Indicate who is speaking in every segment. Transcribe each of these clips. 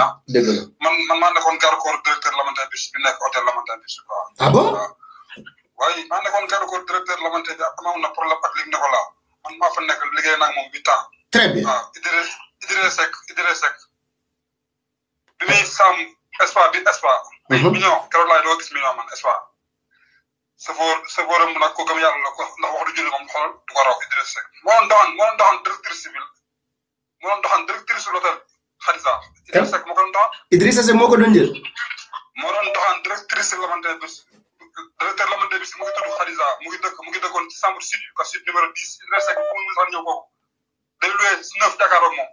Speaker 1: na dëgg la man man maa nekkoon garde corps directeur Lamantin Beach bi nekk hôtel Lamantin Beach waaw. ah bon waaw waaye maa nekkoon garde corps directeur Lamantin Beach amoon na problème ak Ligue Nicola man fa nekk liggéey naa ak moom huit ans. très bien waaw ah, Idriss Idriss bi muy sàmm espoir bi espoir. Mhm. ay million keroog laay doo gis million ko gëm yàlla ko ndax wax du julli moom xoolal du ko raw Idriss Seck Hanifa Idrissa Seck moo ko doon doxal. Idrissa Seck moo ko doon jël. moo doon doxal directrice Lamantey Bis directeur Lamantey Bis mu ngi tudd Khadija mu ngi dëkk mu ngi dëkkoon ci chambre sud ka sud numéro 10 Idrissa Seck fu mu mën a ñëw foofu day loué neuf Dakar ak moom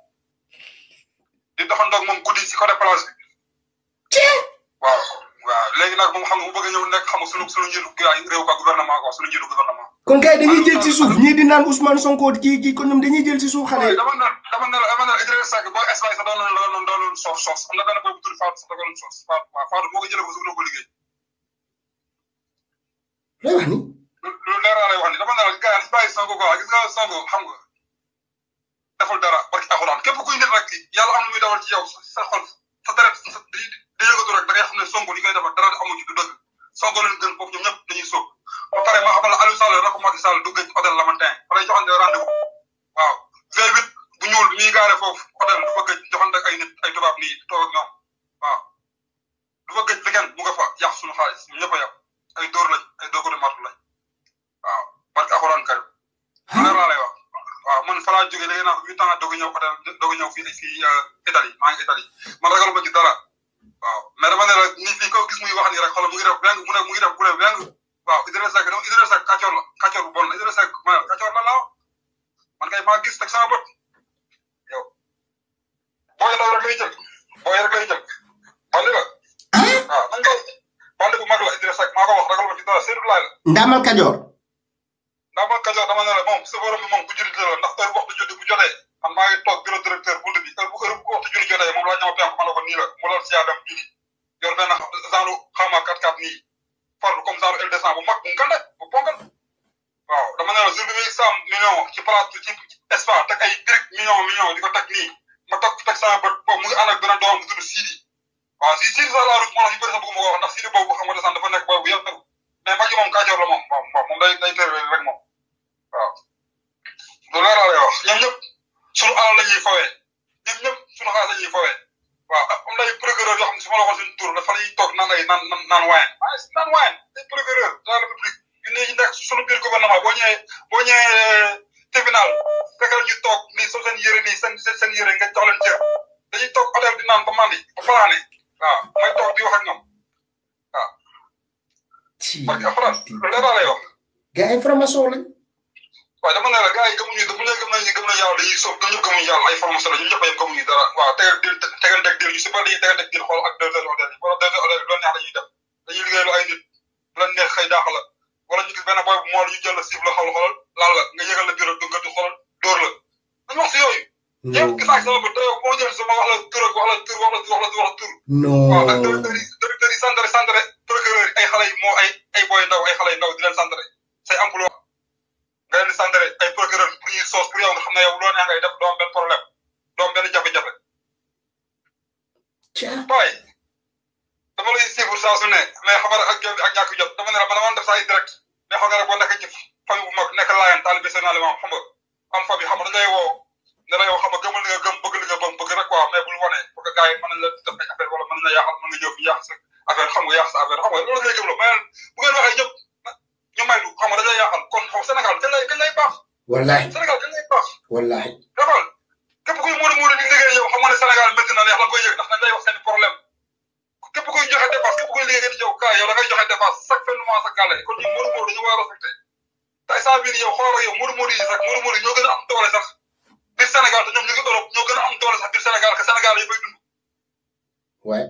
Speaker 1: di doxandoog moom guddi si côté plage bi. léegi nag moom xam nga bu bëgg a nekk xam sunu sunu njiitu réew ka gouvernement quoi sunu njiitu
Speaker 2: gouvernement. kon kay dañuy jël ci
Speaker 1: suuf ñii di naan Ousmane Sonko kii kii kon ñoom dañuy jël ci suuf xale yi. soof soof na benn boobu tudd Fatou sax doon soof Fatou waaw Fatou moo ko jëlee ko suñu ko liggéey. lay wax ni. lu leer laa lay wax ni dama ne la gars yi xam nga dara barki alxuraan képp kuy nit rek yàlla am lu muy Sonko li koy defar dara amu ci du dëgg Sonko leen gën foofu ñoom ñëpp dañuy sóob ba pare ma xamal Aliou Sall rek Macky Sall duggee ci hôtel Lamantin fa lay joxante rendez-vous waaw V8 bu du fa gëj joxante ak ay nit ay tubaab nii du fa gëj weekend mu fa yàq suñu xaalis ñu ñëpp a yàq ay dóor lañ ay dóor ko de martu lañ waaw barke Alxuraan karim leer laa lay a ñëw hôtel doog a ñëw fii fii euh, Italie maa ngi Italie mais dama ne la nit ñi ko gis muy wax nii rek xoolal mu ngi def weng mu ne mu ngi def bu la bon la Idrissa Seck ma kàccoor la man kay maa gis teg sama bët yow booy ndaw rek lay jël booy rek lay jël bandi la waaw man kay bandi bu mag la ci dara Seydou million ci palaatu ci espace teg ay briques million million di ko teg nii ma teg teg sama bët boobu mu ngi ànd ak beneen doomam bu tudd Sidi waaw si Sidi sax laa rus moo tax ñu bëri sax bëgg ma ko wax ndax Sidi boobu xam nga ne sax dafa nekk boobu yëpp mais Macky moom kàccoor la moom waaw waaw moom day day tër rek moom waaw. du leer laa lay wax ñoom ñëpp suñu alal la ñuy fawee ñoom ñëpp suñu xaalis la ñuy fawee waaw am na ay procureur yoo xam ne su ma la waxoon suñu tur dafa lay toog naan ay naan naan waaye naan waaye ay procureur de la république ñu nekk suñu biir gouvernement boo ñëwee boo ñëwee tribunal fekkal ñu toog nii soo seen yëre nii seen seen yëre nga jox leen ceeb dañuy toog o di naan ba mandi ba fanaane a may toog di wax ak ñoom waaw. ci parce que afran loolu dafa lay wax. gars yi formation lañ. waaw dama ne la gars yi gëmuñu dama ne gëm nañu gëm nañu yàlla dañuy soof dañu gëmuñu yàlla ay formation la ñu ñëpp a yem gëmuñu dara waaw tegal dil tegal deg dil ñu si bëri dañuy tegal deg dil xool ak deux heures hôtel yi wala deux heures hôtel yi loolu neex dañuy dem dañuy liggéeyal ay nit lan neex wala ñu gis benn boy bu mool ñu jël la siif la xool xoolal laal la nga yëgal la biir du nga di xoolal dóor la dañu wax si yooyu. yow gis naa sama bët yow boo jël sama wax la tur ak wax la tur wax la tur wax la tur wax la tur. non waaw ak directeur yi directeur yi centre centre procureur yi ay xale yi moo ay ay boy ndaw ay xale yu ndaw di leen centre say emploi nga leen di centre ay procureur pour ñuy soos pour yow nga xam ne yow loo neex ngay def doo am benn problème doo am benn jafe-jafe. naa leen xam nga am fa nga dañ ne la yoo xam nga gëmal nga gëm bëgg li nga nga ñëw fi nga yàq sa nga loolu ngay gëmloo mais bu nga dañ Sénégal kañ lay kañ lay Sénégal kañ lay baax. wallaay defal képp kuy muur muur di liggéey yow ne Sénégal métti na neex la koy yëg ndax dañ lay problème képp kuy joxe dépense képp kuy liggéey yow kaay yow da ngay joxe dépense chaque fin du mois sa gàlle kon ñu muur muur dañu war a te saa biir yow xoolal yow murmur yi sax murmur yi ñoo gën a am doole sax biir Sénégal te ñoom ñu ngi Europe ñoo gën a am doole sax biir Sénégal que Sénégal yi fay dund. waay.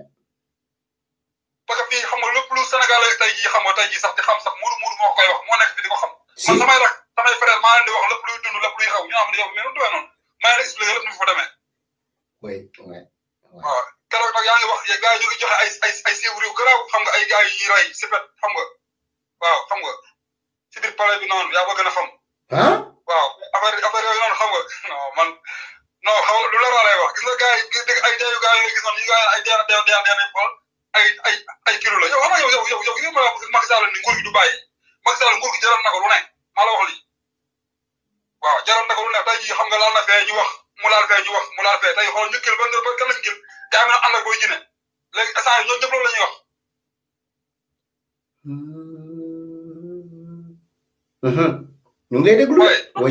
Speaker 1: parce que fii xam nga lépp lu Sénégal yi tey jii xam nga tey jii sax di xam sax murmur moo koy wax moo nekk fi di ko xam. man samay rak samay frère maa leen di wax lépp luy dund lépp luy xaw ñu am ne yow mais nu mu demee noonu maa ngi leen expliqué lépp nu mu fa demee. oui oui. waaw keroog nag yaa ngi wax gars yi ñu ngi joxe ay ay ay siiw réew garaaw xam nga ay gars yi ray sipet xam nga waaw xam nga ci biir palais bi noonu yaa ko gën a xam. ah waaw affaire affaire yooyu noonu xam nga non man non xaw wax gis nga gars yi gis yi nga gis noonu yi ay deew deew deew nañ ko ay ay kilo la yow xam nga yow yow yow yow yow Macky Sall ni nguur du bàyyi Macky Sall nguur gi jaral na ko lu ne maa la wax lii waaw jaral na ko lu ne tey jii nga laal na fee ñu wax mu laal fee ñu wax mu laal kil ba nga ba kan lañ kil te am na ànd ak booy ji ne léegi instant yii ñoom ñëpp loolu la ñu ngi lay déglu. oui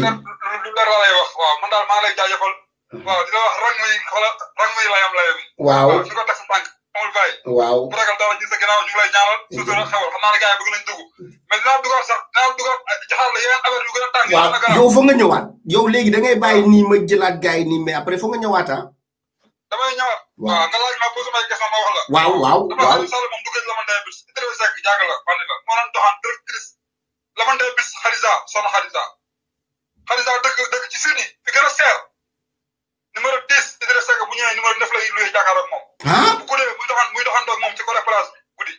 Speaker 1: lu dara lay wax waaw man daal maa ngi lay jaajëfal. waaw di la wax rang muy xala rang muy a yow foog nga ñëwaat. yow léegi da ngay bàyyi nii ma jëlaat gars yi nii mais ñëwaat ah. damay ñëwaat. waaw nga laaj ma posé ma question ma wax la. waaw waaw waaw damaa sàll moom dugal la ma ndeyam bi. interview sec jàng la la lamanteel bis xarisa soxna xarisa xarisa dëkk dëkk ci sini fi gën a seer numéro 10 Idrissa Seck bu ñëwee numéro 9 a luyee jàkkaarloog moom. bu guddee muy doxan muy doxandoog moom ci côté place bi guddi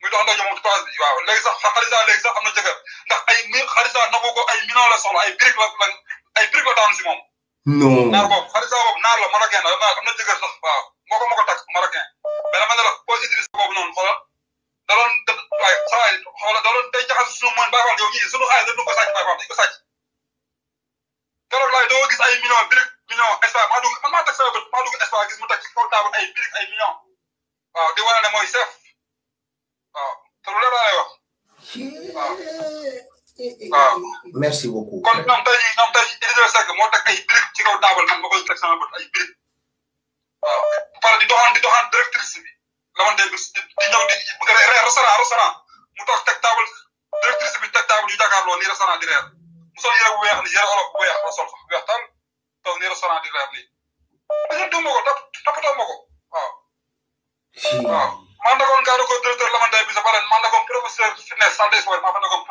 Speaker 1: muy doxandoog moom ci place bi waaw léegi sax xarisa léegi sax am na jëkkër ndax ay mi xarisa nangu ko
Speaker 2: ay millions la soxla ay briques la ay briques la daanu si moom. non naar
Speaker 1: boobu xarisa boobu naar la mën a génn naan Baay Faal yow ñii sunu xaalis dañu ko sàcc Baay Faal dañu ko sàcc keroog laay doo gis ay million birig million espoir maa dugg ci kaw taabal ay birig ay million waaw di wane ne mooy chef waaw te lu leer laa lay wax waaw merci beaucoup kon ñoom tey ñoom tey Idrissa Seck moo teg ay birig ci kaw taabal man ma koy teg sama bët ay birig waaw bu pare di doxaan di doxaan directrice bi la man de di ñëw di restaurant restaurant mu toog teg directrice bi teg table yu jàkkaarloo nii restaurant di reer mu sol yére bu weex ni yére olof bu weex la sol fa weex tan toog nii restaurant di reer nii dañu duma ko toppatoo ma ko waaw waaw man dakoon gaa ko directeur lamanday bi sa pare man dakoon professeur fitness santé sport maa fa nekkoon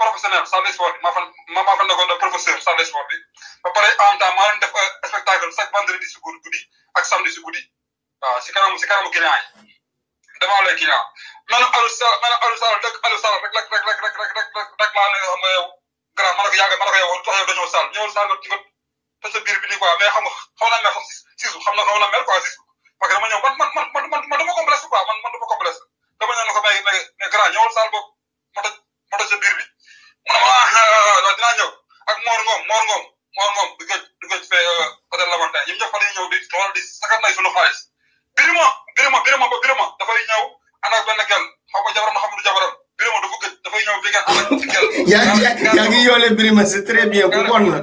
Speaker 1: professionnel santé sport maa fa maa fa nekkoon professeur santé sport bi ba pare en même temps maa leen def euh, spectacle chaque vendredi si guddi ak samedi si guddi waaw si kanamu si kanamu client yi devant les clients man Aliou Sall man Aliou Sall dëkk Aliou Sall rek rek rek rek ma ne ko yàgg ma ne ko yow tax yow dañoo Sall ñëwal Sall ci bët te sa biir bi nii quoi mais xam nga xaw naa mel xam si xam na xaw naa mel quoi si parce que dama ñëw man man man man man man man dama complexe dama ñëw ne ko mais mais grand ñëwal Sall boobu ma ma toj sa biir bi ah, ah, ah, ak Mor Ngom Mor Ngom Mor Ngom di ko fa la ñuy ñëw di wala di sakkat nay sunu yaa ngi yaa ngi yoole Birima c'est très bien ku bon la.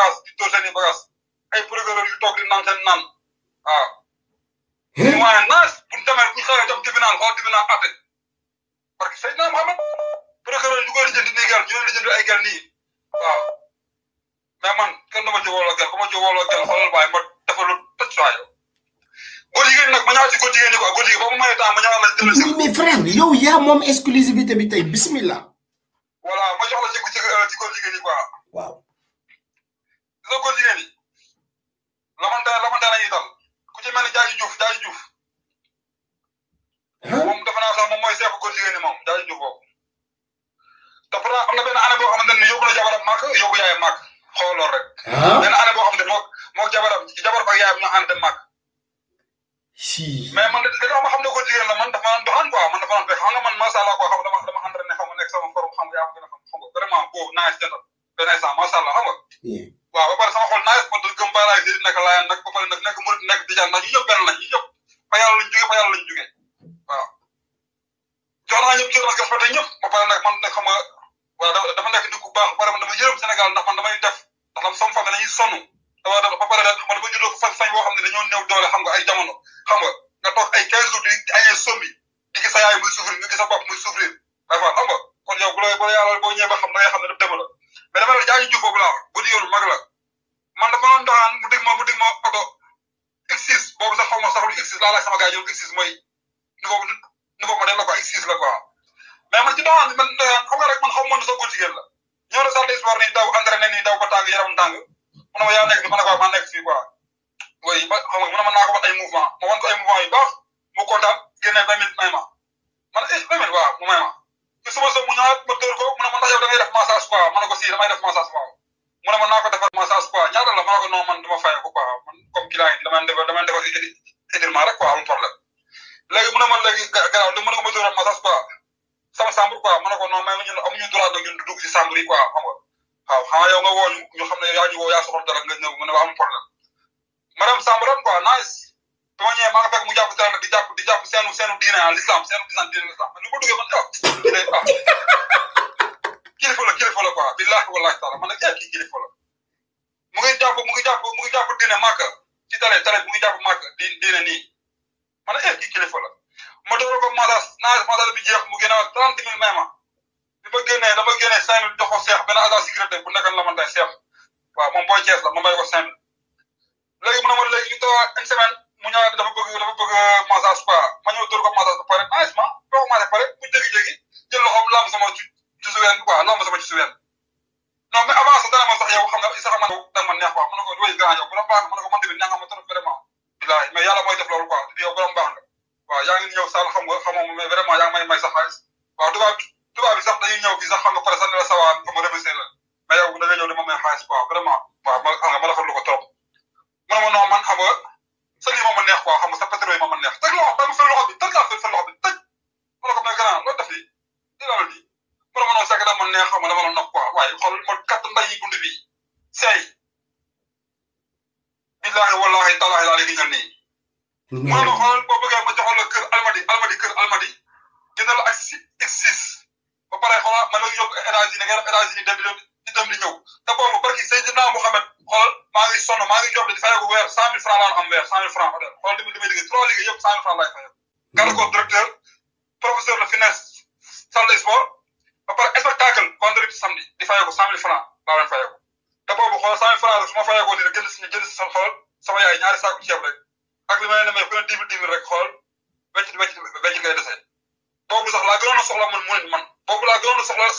Speaker 1: bagage di dóor a i bagage ay procureur yu toog di naan seen naan waaw. ñu naas bu ñu demee bu ñu xawee dem tribunal xool tribunal àtte parce que sëñ naa xam nga procureur yu koy lijjanti nii gàll ñu ngi lijjanti ay gàll nii waaw mais man kenn du ma ci wóoloo ba ma ci wóoloo gàll xoolal waaye ma lu tëj saa yow. góor jigéen nag ma ñëwaat si góor jigéen ñi quoi ba mu mayee temps ma ñëwaat la si dëgg. mais frère yow yaa moom exclusivité bi tey bismillah. voilà ma jox la ci la góor jigéen yi la man daa la man daa la ñuy dal ku ci mel ni Diadji Diouf Diadji Diouf. moom defe naa sax moom mooy seefu góor jigéen yi moom Diadji Diouf boobu. te pourtant am na benn année boo xamante ne yóbbu na jabaram màkk yóbbu yaayam màkk xool loolu rek. benn année boo xamante ne moo moo jabaram jabar ak yaayam ñoo ànd dem màkk. si mais man de li nga xam ne góor jigéen la man dafa naan doxaan quoi man dafa naan doxaan xam nga man macha allah koo xam dama dama entraîné xam nga nekk sama forme xam nga yaa ma gën a xam xam nga vraiment boobu naa si jëndal benn instant macha allah xam nga. waaw ba pare sama xol naa yëpp man gëm baaraay si nekk laayaan nag ba pare nag nekk murit nekk tijaan nag ñu ñëpp benn lañ ñu ñëpp fa yàlla lañ jógee fa yàlla lañ jógee waaw jox naa ñëpp ci pare nag man nag xam nga dafa nekk nit ku baax ba pare man Sénégal ndax man damay def ndax sama famille dañuy sonn dafa ba pare nag man dama juddoo ko fan sañ boo xam ne dañoo néew doole xam ba xam nga mën naa ko wax ay mouvement ma wan ko ay mouvement yu baax mu kontaan génne vingt minutes may ma man eh vingt minutes waaw mu may ma te su ma soog mu ñëwaat ma dóor ko mu ne ma ndax yow da ngay def massage quoi ma ne ko si damay def massage waaw mu ne ma naa ko defal massage quoi ñaata la ma ne ko non man dama fayee ko quoi man comme client yi damay defar damay defar étirement rek quoi amul problème léegi mu ne ma léegi garaaw du mën nga ma dóoraat massage quoi sama chambre quoi ma ne ko non mais ñun amuñu droit donc ñun dugg si chambre yi quoi xam nga waaw xam nga yow nga woo ñu xam ne yaa ñu woo yaa soxla dara nga ñëw mu ne ma amul problème l'islam, c'est un représentant de l'islam. Nous pouvons dire, ah, kilifa la kilifa la quoi billahi wallahi taala man a yaa a kilifa la mu ngi jàpp mu ngi jàpp mu ngi jàpp diine màkk ci tale tale mu ngi jàpp màkk di diine nii a nag a kii kilifa la ma door ko madas naa madas bi jeex mu gën a trente mille may ma bi ma génnee dama génnee cinq mille jox ko seex benn agent sécurité bu nekkoon la man day seex waaw moom booy ma may ko cinq mu ne ma léegi ñu tawa mu ñëwaat dafa bëgg dafa bëgg euh, massage quoi yow Isaaxa man da man neex quoi mu ne ko looy grand yow borom baax nga mu ne ko man tamit neex nga ma trop vraiment bilaay mais yàlla mooy def loolu quoi yow borom baax nga waaw yaa ngi ñëw sall xam nga xamoo mais vraiment yaa ngi may may sa xaalis waaw yar états unis dem di di dem di ñëw te boobu barki Seydina Mouhamed xool maa ngi sonn maa ngi job di fayal ko weer cent mille franc laa am weer cent mille franc hôtel xool li muy li may liggéey trois liggéey yëpp cent mille franc laay fayal. gàllankoor ko directeur professeur de finance salle de sport ba pare spectacle vendredi samedi di fayal ko cent mille franc laa leen fayal ko te boobu xool cent mille franc rek su ma fayal ko nii rek jënd si jënd si seen xool sama yaay ñaari saako ceeb rek.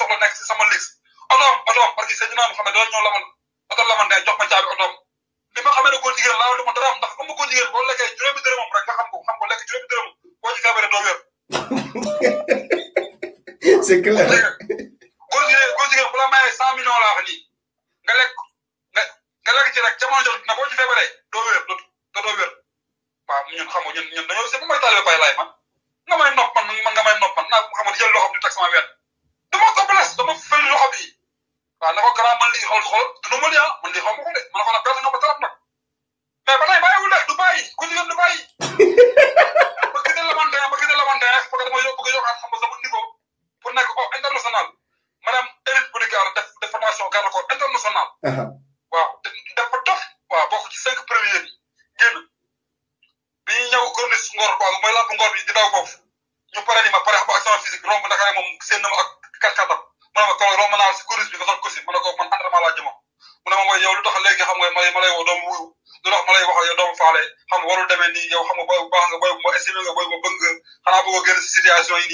Speaker 1: soxla nekk si sama liste otoom otoom parce que sëñ bi naan xam ne dara ñoo laman day jox ma caabi ma ne góor ma dara am ndax ma góor jigéen boo lekkee juróomi dërëmam rek nga xam ko xam ko lekk juróomi dërëmam boo ci gàbbee doo wér. c'est clair. góor jigéen góor jigéen bu la mayee cent millions laa wax nii nga lekk nga nga lekk ci rek jamono jot na boo ci feebaree doo wér doo doo wér waaw ñun xam nga ñun ñun dañoo si bu may taal bay laay man nga may nopp man man nga may nopp man naa xam nga jël loo xam ne teg sama wér moo ko bless dama fël loxo bi waaw na ko grand man lii xool xool du ma mën yaa man lii xaw ma ko de man ko la bett nga ma tarap nag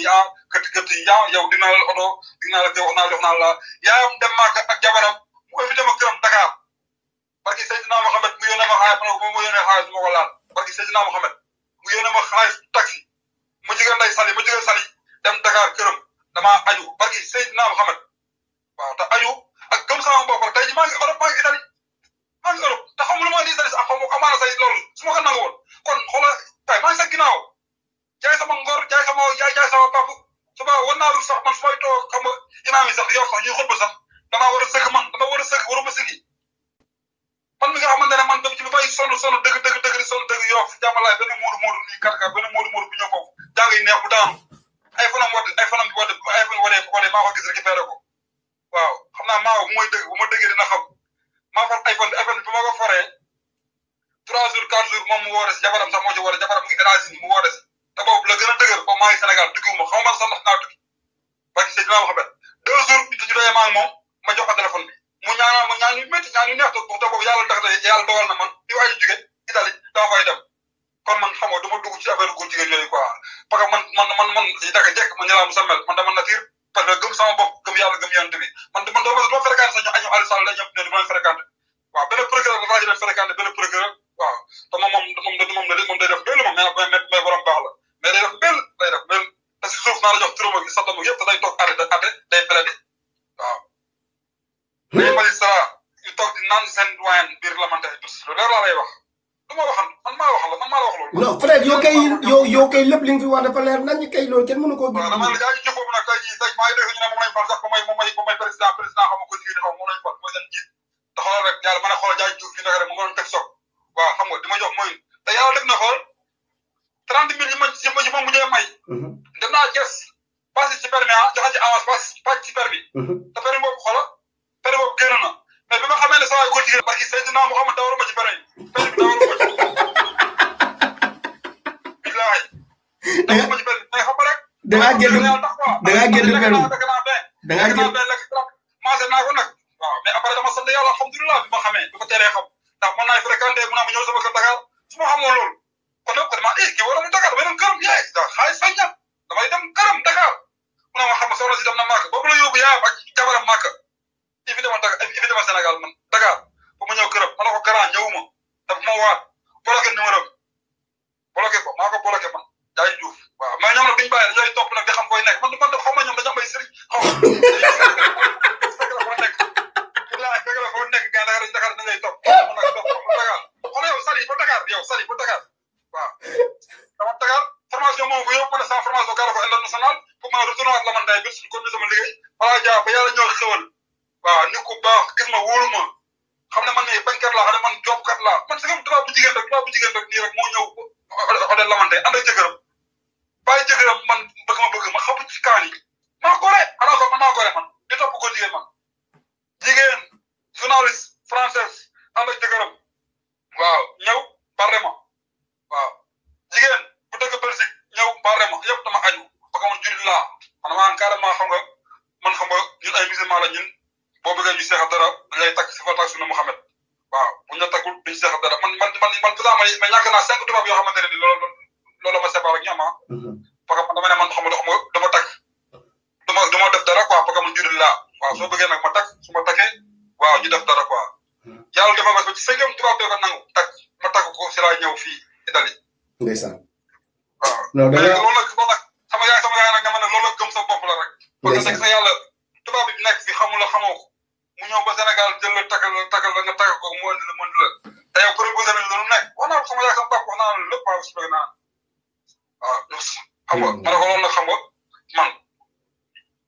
Speaker 1: yaa kati kati yaa yow dinaa la oto dinaa la jox naa jox naa la yaayam mu invité ma këram Dakar barki Seydina mu yónnee ma xaalis ma ne ko moom mu yónnee xaalis ma ko laal barki Seydina Mohamed mu yónnee ma xaalis taxi mu jóge nday Sali mu jóge Sali dem Dakar këram damaa aju barki Seydina Mohamed waaw te aju ak gëm sama bopp rek tey jii maa ngi Europe ma di Italie sax xaw ma amaana say loolu su ma ko nangu kon xoolal tey maa ngi sa jaay sama ngor jaay sama jaay sama papa suba war naa lu sax man su may toog xam nga imaam yi sax yow sax ñuy xutba sax damaa war a sëkk man dama war a sëkk waruma sëkki man mi nga xamante ne man ci bi bay sonn sonn dëgg dëgg dëgg sonn dëgg yoof jàmmalaay benn moodu moodu nii kàr kàr benn moodu moodu bu ñëw foofu jàng yi neex bu daanu ay fanam woote ay fanam woote ay fan ma dëggee dina xam maa far ay fan ay fan bi ma ko foree trois jours quatre jours moom mu woore te boobu la gën a dëgër comme maa ngi Sénégal tukkiwuma xaw ma sax ndax naa tukki parce que sëñ naa Mouhamed deux jours bi ñu doyee maa ngi moom ma jox ko téléphone bi mu ñaanal ma ñaan yu métti ñaan yu neex te boobu yàlla ndax de yàlla dogal na man di waaj a jóge Italie daa fay dem kon man xam nga du ma dugg ci affaire góor jigéen yooyu quoi parce que man man man man naka jekk man ñalaa mu sa mel man dama nature parce que gëm sama bopp gëm yàlla gëm yonent bi man man doo doo fréquenté sax ñu añu Aliou Sall la ñëpp ne du ma leen fréquenté waaw benn procureur la laaj leen benn procureur waaw te moom moom naa la jox turam ak santam yëpp te day toog arrêté arrêté day plaidé waaw. mais hmm? magistrat yu toog di naan seen doyen biir lamentaire bi
Speaker 2: lu leer laa lay wax du ma waxal man maa wax la man la wax loolu. non Fred yow kay
Speaker 1: yow yow kay lépp li nga fi wax dafa leer nañ kay loolu kenn mënu koo. waaw damaa la gars a ñu jox boobu nag tey jii tey maa ngi dégg ñu ne moom lañ fal sax ba may ba may président président xam Thiès pass ci permis ah joxe ci avance pass pass ci permis mhm. te permis boobu xolo permis boobu génn na mais bi xamee ne saa yu góor jigéen parce que Seydina Mouhamed dawaruma ci permis permis bi dawaruma ci bilaay dawaruma ci permis mais xam da ngaa génn da ngaa génn permis da ngaa génn maase naa ko nag waaw mais dama sant yàlla bi ma xamee bi ko teelee xam ndax mën naa fréquenté mu naa ma ñëw sama Dakar su ma xamoon loolu moom yaayam ak jabaram màkka il fi demoon Dakar il fi demoon Sénégal man Dakar ba mu ñëw këram ma ne ko garaan ñëwuma dafa ma waat bloqué numéro bi bloqué ko maa ko bloqué man jaay Diouf waaw mais ñoom nag duñ bàyyi dañuy topp nag di xam koy nekk man man de xaw ma ñoom dañoo am ay sëriñ xaw ma fekk la foo nekk bilaay fekk la foo nekk gars Dakar sali ba Dakar yow sali ba Dakar waaw dama Dakar formation moom bu yow ko ne sans formation ma retourné waat lamandaay bi sama liggéey maa jaa ba yàlla ñoo xewal waaw nit baax gis ma wóolu ma xam ne man ne bañkat laa xam ne man jobkat laa man si tubaab bu jigéen rek tubaab bu jigéen rek nii rek moo ñëw odel lamandaay ànd ak jëkkëram bàyyi man bëgg bëgg ma xamu ci kaan yi maa gore anaa ko man man di topp ko jigéen man jigéen journaliste française ànd ak ñëw barrema waaw jigéen bu dëkk Belgique ñëw barrema yëpp dama ba a man jullit laa man maa am carrément xam nga man xam nga ñun ay musulman a ñun boo bëggee ñu seexal dara dañ lay takk si a takk sunna Muhammad waaw buñ la takkul duñ seexal dara man man man man dèjà man ma ñàkk naa cinq tubaab yoo xamante ne ni loolu loolu ma séparé a ñoom ah. Mhm. parce que man dama ne man xam nga dama takk dama def dara quoi parce que man jullit laa waaw soo bëggee nag ma takk su ma takkee waaw ñu def dara quoi. Mhm. yàlla dafa mas ba ci cinquième tubaab dafa nangu takk ma takk ko si laa ñëw fii Italie. ndeysaan. waaw bëgg naa waaw xam nga ma ne ko noonu nag man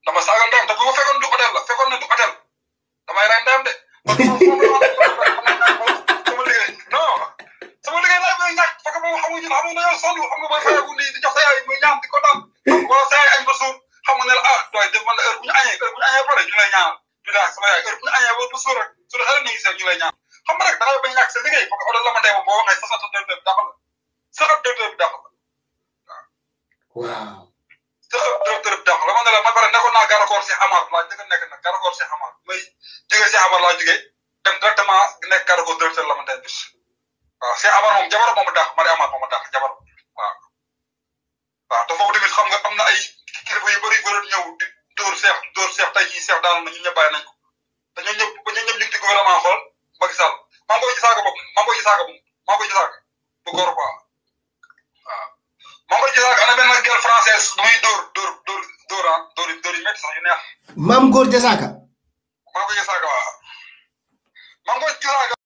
Speaker 1: dama saaga ndeyam te bu ma fekkoon du hôtel la fekkoon ne du hôtel damay rey de. sama liggéey non sama liggéey laay bëgg ñàkk fekk moom xamuñu ne xamuñu dañoo sonn xam nga mooy fayagu di di jox sa ko dal wala sa yaay añ ba suur ne la ah doy def man heure bu ñu añee heure bu ñu añee ba pare ñu lay ñaan bi daal sama yaay ba suur rek su dee bañ ñàkk sa liggéey parce que hôtel la ma dee ba boo waxee sa sa sa dëgg dëgg saxab docteur bi dàq la waaw. waaw. bi dàq la ma ne la man si Amar laa njëkk a nekk nag si Amar may jógee si Amar laa jógee dem directement nekk gàllankoor directeur la ma tey bis. waaw si Amar moom jabar moomu dàq ma ne Amar moomu dàq jabar waaw. waaw te foofu tamit xam nga am na ay kilifa yu bëri yu ñëw di dóor seex dóor seex tey jii seex daanu na ñun ñëpp bàyyi nañ ko te ñun ñëpp ñun ñëpp ñu ngi ci gouvernement xool Macky Sall maa ah dóor yi dóor yi métti sax yu neex. maam